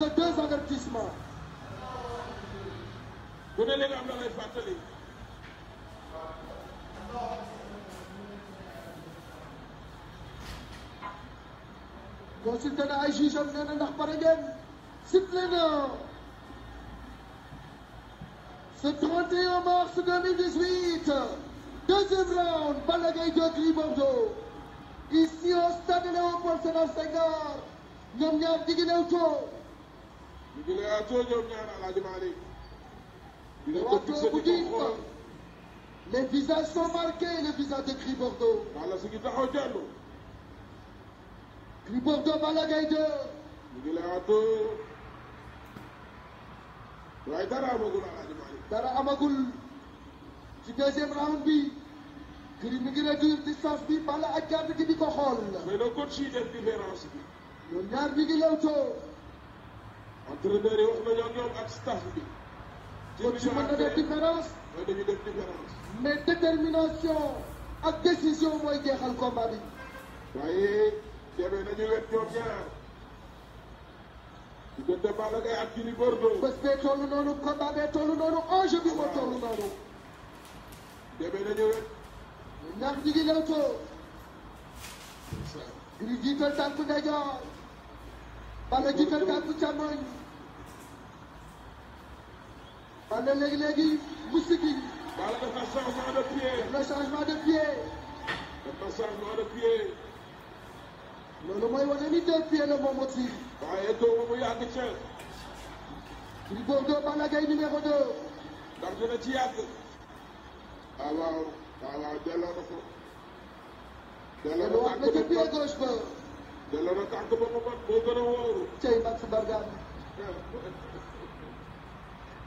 les deux avertissements bu pare ngeen sifflé na mars 2018 deuxième round Balla Gaye 2 Gris Bordeaux ici au stade Léopold Sédar Senghor ñoom ñaar jigéen ñëw ñu ngi lay atoo ñaan Alaaji Maalik dina ko fixé bu jub xool les visages sont marqués les visages de Gris Bordeaux. wala atoo waaye dara amagul Alaaji Maalik. dara ci deuxième round bi. Gris mi ngi réduire distance bi Balla ak garde gi di ko xool. mais le coach yi def différence bi. ñoom ñaar mi ngi lewtoo. entraîneur yi wax nañu ak ñoom ak staff bi. jéem ci mën na def différence. mooy dañuy def différence. mais détermination ak décision mooy jeexal combat bi. waaye demee nañu wet ñoom ñaar. diggante Balla Gaye ak Gris Bordeaux. bés bee tollu noonu combat bee tollu noonu enjeu bi moo tollu noonu. demee nañu wet. ñaar ñi ngi lewtoo. Gris jiital tànku ndeyjoor. Balla jiital tànku càmmoñ. xam nga léegi léegi musique yi. daal def na changement de pied. def na changement de pied. def na changement de pied. loolu mooy wane ni deux pieds la moom aussi. waaye doomu mu yàgg ca. Gris Bordeaux Balla Gaye numéro 2. ndax dina ci yàgg. Ah, waaw waaw ah, waaw waaw delloo na ko. delloo na wax na ca pied gauche ba. delloo na tànk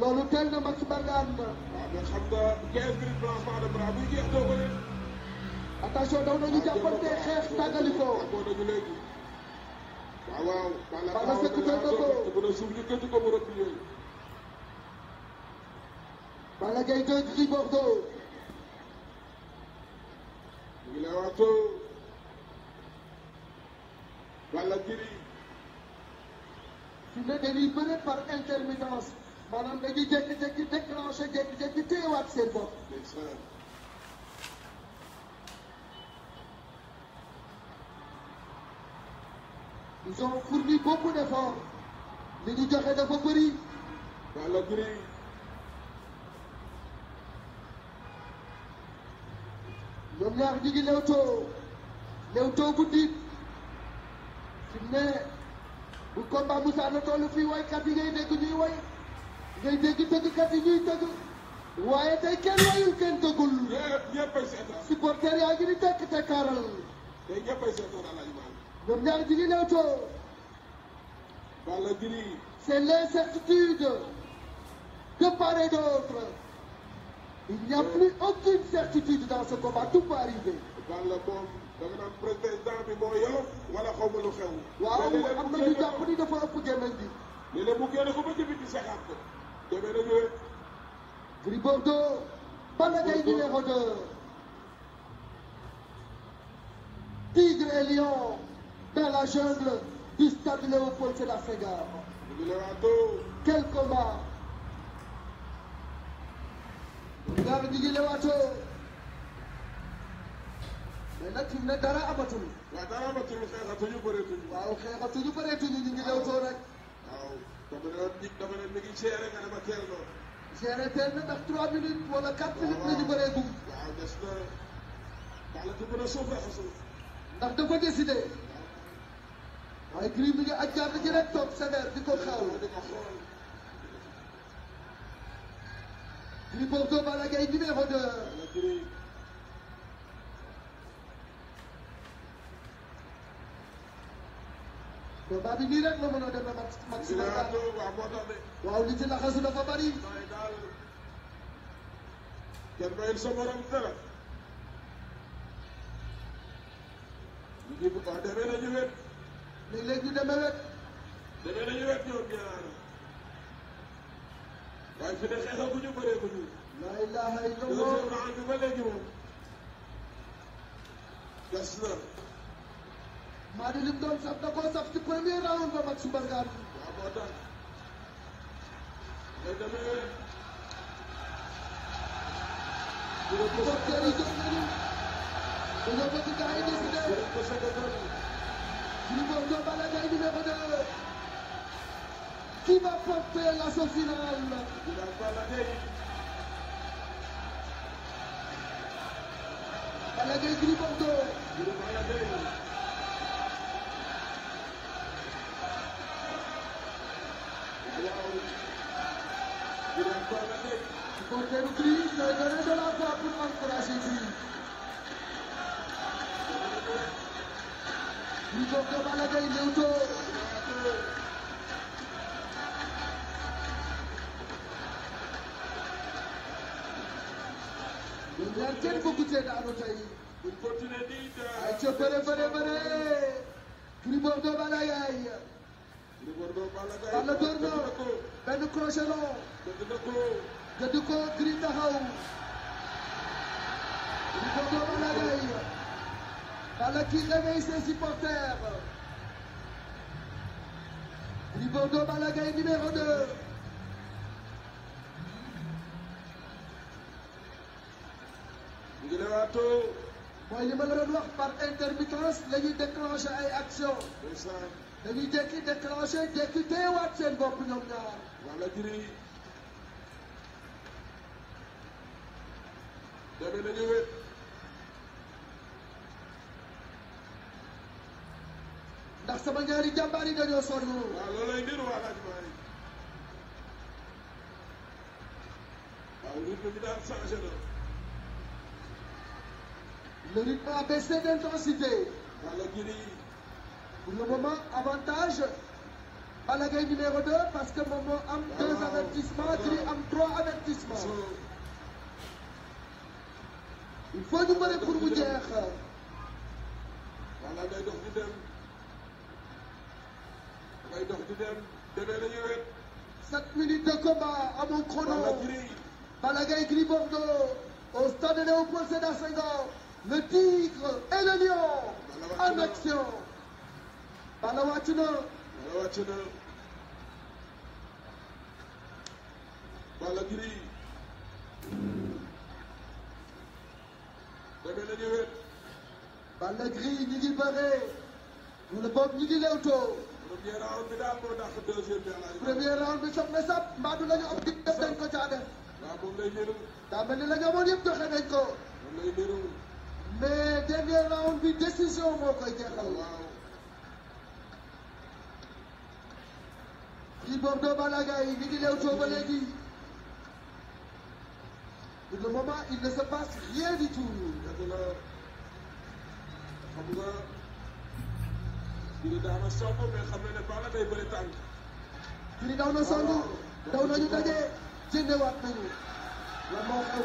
loolu teel na Max Mbargane na. waaw mais xam nga 15 minutes lancement de bras buy jeex doo ko def. attention daw nañu jàppante xeex tàggali ko. tàggoo nañu léegi. waaw waaw. Balla Seck jël na ko mën a suuf ñu gëj ko mu replié. Balla Gaye 2 Gris Bordeaux. mu ngi lay waatoo. Balla Gris. su ne dañuy bëre par intermittence. maanaam dañuy jékki-jékki déclenché jékki-jékki téyewaat seen bopp. ils ont fourni beaucoup d'efforts li ñu joxe dafa bëri. wala bëri. ñoom ñaar ñu ngi lewtoo lewtoo bu diit fi bu combat Moussa la toll fii waykat yi ngay dégg ñuy way. ngay dégg tëggkat yi ñuy tëgg waaye tey kenn wayul kenn tëggul. ñëppay seetaan. supporter yaa ngi di tekk tekkaaral. tey ñëppay seetaan El Hadj Malick. ñoom ñaar de part d'autre. il n'y a plus aucune certitude dans ce combat tout peut arriver. Balla moom da nga naan président bi moo yorof wala xaw ma lu xew. waaw am na ñu jàpp ni dafa ëpp gémmiñ bi. léeg-léeg mu génne ko ba jëfandikoo seqaat ko. Bébé le Dieu. Gris Bordeaux. Balla Gaye numéro 2. Tigre et lion dans la jungle du stade Léopold Sédar Senghor. Quel combat. daa ngi digg lewaatoo mais nag fi mu ne dara amatul. waaw dara amatul xeexatuñu bëreetuñu. waaw xeexatuñu bëreetuñu ñu ngi lewtoo rek. comme ne nit dafa ne mi ngi a nga teel na. seere teel na ndax 3 minutes wala 4 minutes la ñu bëree dugg. waaw des na daal ko mën a suuf ndax dafa décidé. waaye Gris bi nga ak jàmm ji rek toog sévère di ko xaar. di ko xool. Gris Bordeaux Balla Gaye numéro combat bi nii rek la mënoo demee max max. waaw li ci laxasu dafa bari. kenn mayul sa morom dara. ñu ngi waaw demee nañu wet. ñu ngi léegi ñu demee wet. demee nañu wet ñoom ñaar. waaye fi ne xeexaguñu bëreeguñu. laa ilaaha illallaah. ba léegi moom. gas na. maa di lim doon saf da koo saf ci premier ba mag su mbargaan yi waaw moo tax day demee dina ko supporter yi jóg nañu dañoo bëgg gars yi décidé dina ko supporter ñu ko ñoo bala gay numéro deux qui va porter la sauce Directeur Mendes, supporter Tri, c'est donné de la voix pour encourager Tri. Nico Kamala Gay Leuto. ñaar kenn bëggutee daanu tey. buñ continuer nii. ay ca bëre bëre bëre. Gris Balla door na benn crochet la gëdd ko Gris taxaw Gris Bordeaux Balla Gaye Balla qui réveille ses supporters Gris Bordeaux la doon wax la ñuy déclencher ay action dañuy jékki déclenché jékki téyewaat seen bopp ñoom ñaar. wala jëriñ. deme nañu wét. ndax sama ñaari jàmbaar yi dañoo sonn. waaw loolu lay niru waa laaj maa yi. waaw rythme bi daal changé na. le rythme a baissé d'intensité. wala jëriñ. pour le moment avantage Balla Gaye numéro 2 parce que moom moo am deux avertissements Gris am trois avertissements il faut ñu bëre pour mu jeex wala day dox di dem day dox di dem demee la ñëwet sept minutes de combat à mon chrono Balla Gris Bordeaux au stade Léopold Sédar Senghor le tigre le lion en action bala wàcc na bala wàcc na Balla Gris deme na ñëwet Balla Gris ñi ngi bëree wala boog ñi ngi lewtoo bi daal moo dàq deuxième di dañ ko caa def waaw moom lay niru ni la ñu amoon yëpp joxe nañ ko moom bi décision moo koy jeexal Gris Bordeaux Balla Gaye ñu ngi Leewtoo ba léegi pour le moment il ne se passe rien du tout dëgg la xam nga Gris daana song mais xam na ne Balla day bëri tànk Gris daw na song daw nañu daje jëndewaat nañu lan moo xew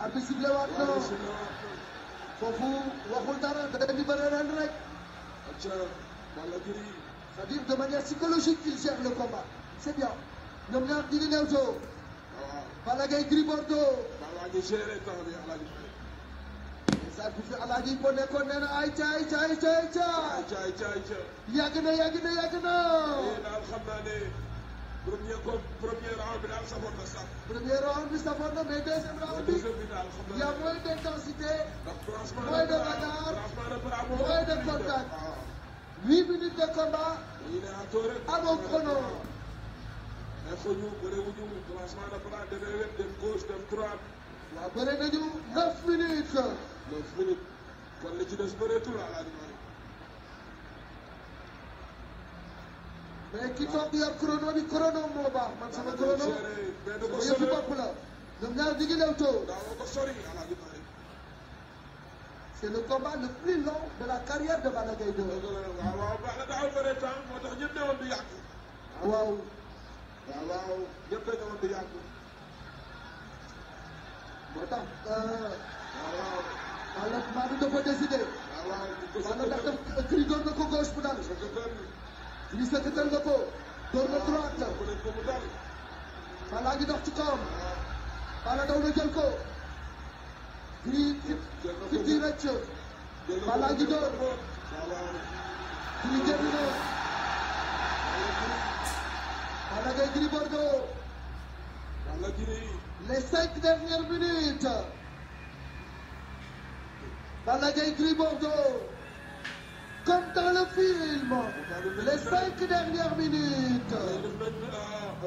arbitre bi sifflé waat na foofu waxul dara da leen di bëre ren rek. acca Ballagiri. c'est-à-dire de manière psychologique il gère le combat c'est bien ñoom Balla Gaye Gris Bordeaux. Balla Gaye géré temps bi Alaaji Fay. bu fi Alaaji boo nekkoon nee na ay ca ay ca ay ca naa ne. premier ko premier round bi daal safoon na sax. premier round bi safoon na mais deuxième round bi. y' a moins d' intensité. moins de bagarre. moins de contact. Ah. huit minutes de combat. amoo chrono. il faut ñu bëre wu ñu classement de plan demee wet dem gauche dem droite. waaw bëre nañu neuf minutes. neuf minutes kon li ci des bëreetul à la mais ki toog a am chrono bi moo baax man sama chrono sama yëfu bopp la ñoom lewtoo c'est le combat le plus long de la carrière de Balla Gaye 2 waaw waaw baax ne woon waaw waaw waaw ñëpp ne woon du yàgg moo tax waaw Balla ko gauche li sëkkatal na ko door na droite Falla ngi dox ci kawam Falla daw na jël ko Gris Gris rëcc Falla ngi door Gris génn na Falla ngay Gris Bordeaux les cinq dernières minutes Falla ngay Gris Bordeaux comme dans le film les cinq dernières minutes.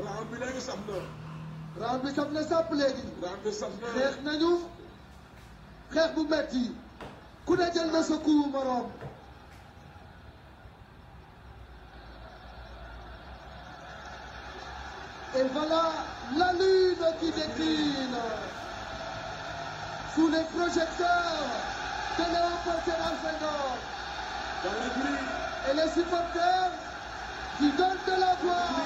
raam bi léegi saf na. raam bi saf na sàpp léegi. raam bi saf na xeex nañu xeex bu metti ku ne jël na sa coup morom. Et voilà la lune qui décline sous les projecteurs de Léopold Sédar Senghor. dans Et les supporters qui de la voix.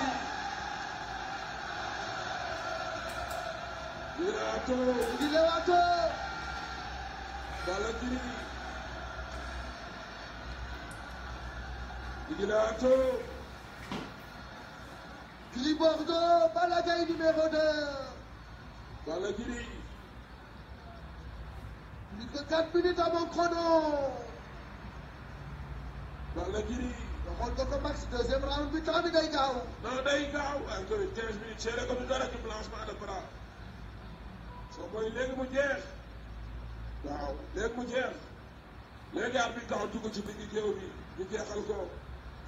Lewato. Di Lewato. Bordeaux, Balla numéro 2. dans la durée. Plus que loolu la jiri waxoon nga ko max deuxième round bi temps bi day gaaw non day gaaw ay ko quinze minutes seere ko du dara ci blanchiment de bras soo koy léegi mu jeex waaw léegi mu jeex léegi at bi taxaw dugg ci digg géew bi ñu jeexal ko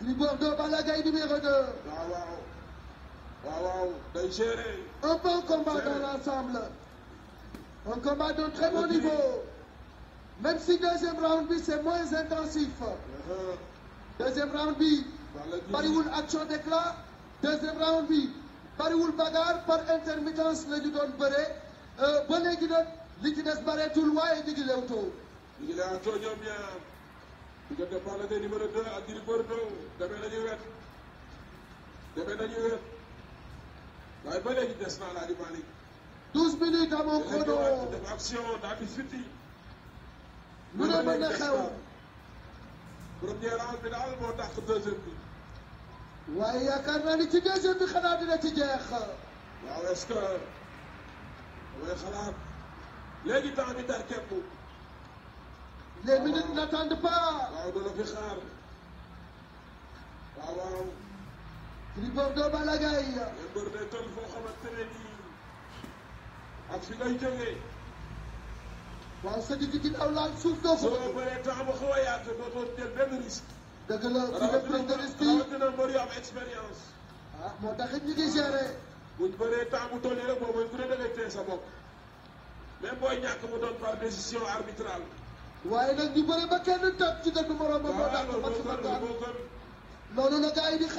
Gris Bordeaux Balla Gaye numéro deux waaw waaw waaw waaw day gérer un bon combat dans l'ensemble un combat de très bon niveau même si deuxième round bi c'est moins intensif uh -huh. deuxième round bi bariwul action d'éclat deuxième round bi bariwul bagarre par intermittence la ñu doon bëree euh, ba léegi nag li ci des bareetul waaye ñu ngi leewtoo. ñu ngi leewtoo ñoom ñaar diggante Balla Gaye numéro 2 ak Gris Bordeaux demee nañu wet demee nañu wet waaye ba léegi des na laaj Malick. 12 minutes amoo chrono. dafa action daa fi suti. lu ne mën na xew. première rang bi daal moo tax deuxième bi. waaye yaakaar naa ni ci deuxième bi xanaa dina ci jeex. waaw est-ce que damay xalaat léegi bi dar képp. les minutes n'attendent fi xaar. waaw waaw. Gris Bordeaux Balla Gaye. les mbër day toll foo fi ngay jógee. waaw sa digg ci aw laal suuf doo ko. soo bëree temps a yaatu dootoo jël benn risque. la ci benn prise de ah, moo tax it ñu ngi gérer. buñ bëree temps bu toll ku ne dangay téye sa bopp. même booy ñàkk mu doon par décision arbitrale. waaye nag ñu bëri ba kenn tëb ci dënnu morom ba moo tax ba ci loolu la gars yi di te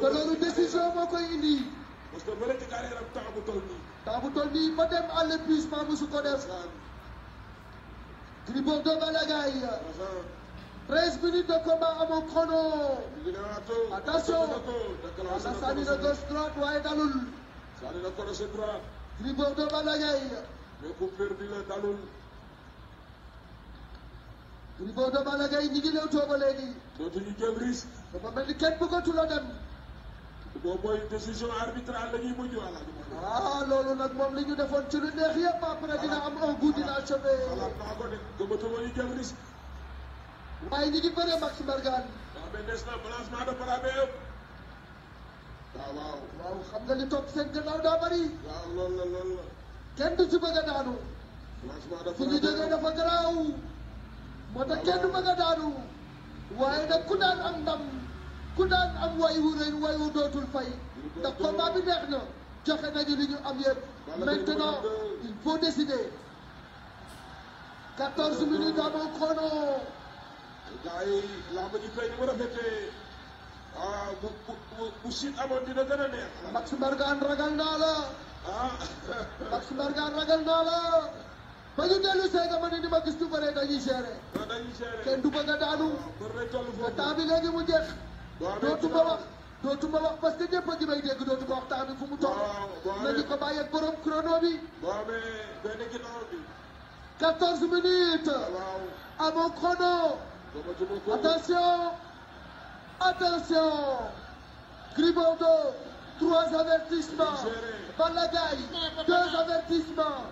loolu décision moo koy indi. temps bu toll nii ma dem àll plus ma musu ko def. Gris Bordeaux Balla Gaye. 13 minutes de combat à mon chrono. attention. ana sànni na gauche waaye dalul. sànni na gauche droite. Gris Bordeaux Balla Gaye. mais ku la dalul. Gris Bordeaux Balla Gaye ñu ngi lew tooba léegi. dootuñu jël risque. dafa mel ni kenn bëggatul boo booy décision arbitrale la ñuy mujj wala. ah loolu nag moom li ñu defoon ci lu neex yëpp après dina am un goût naa ko de ñu jël risque. Max Mbargane. waaw mais na balancement de li topp seen gannaaw daa bëri. kenn du ci daanu. balancement de bras dafa garaaw. moo tax kenn du daanu. waaye nag ku daan am ndam. ku daan am way wu rëy way wu dootul fay ndax combat bi neex na joxe nañu li ñu am yëpp maintenant il faut décider 14 minutes à mon chrono. gars yi làmb ji tey ni mu rafetee ah bu bu bu Chine amoon dina gën a neex. Max Mbargane ragal naa la. ah. Max Mbargane ragal naa la. ba ñu dellu seega ma ne ni ma gis du bëre dañuy gérer. dañuy gérer kenn du bëgg a daanu. ba temps bi léegi mu jeex. dootuma wax dootuma wax parce que ñëpp a ngi may dégg dootuma wax tax bi fu mu toll. nañu ko bàyyi ak borom chrono bi. boo amee benn ginnaaw bi. 14 minutes. waaw amoo chrono. attention. attention. Gris Bordeaux. trois avertissements. Balla Gaye deux avertissements.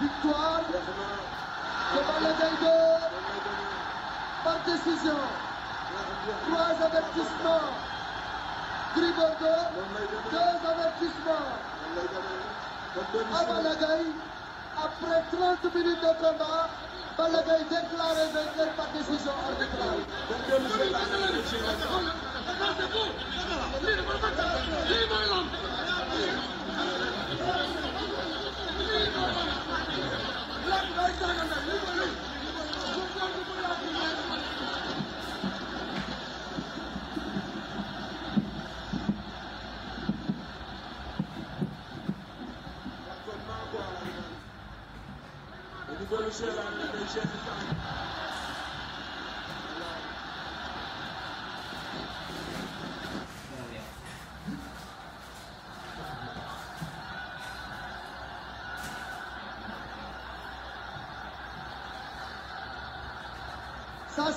Victoire. Kamala Daigo. Par décision. Trois avertissements. Griborgo. Deux avertissements. À Balagaï, après 30 minutes de combat, Balagaï déclaré vainqueur par décision arbitrale.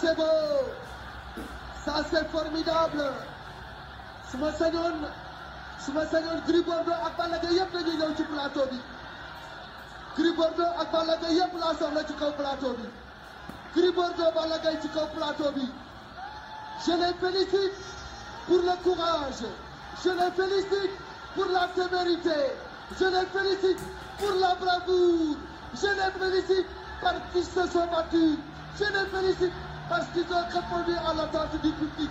c'est beau ça c'est formidable su ma sañoon su ma sañoon Gris Bordeaux ak Balla Gaye yëpp dañuy ci plateau bi Gris Bordeaux ak Balla Gaye yëpp laa ci kaw plateau bi Gris Bordeaux Balla Gaye ci kaw plateau bi je les félicite pour le courage je les la témérité je les félicite la bravoure je les félicite parce qu'ils se sont parce qu'ils ont répondu à l'attente du public.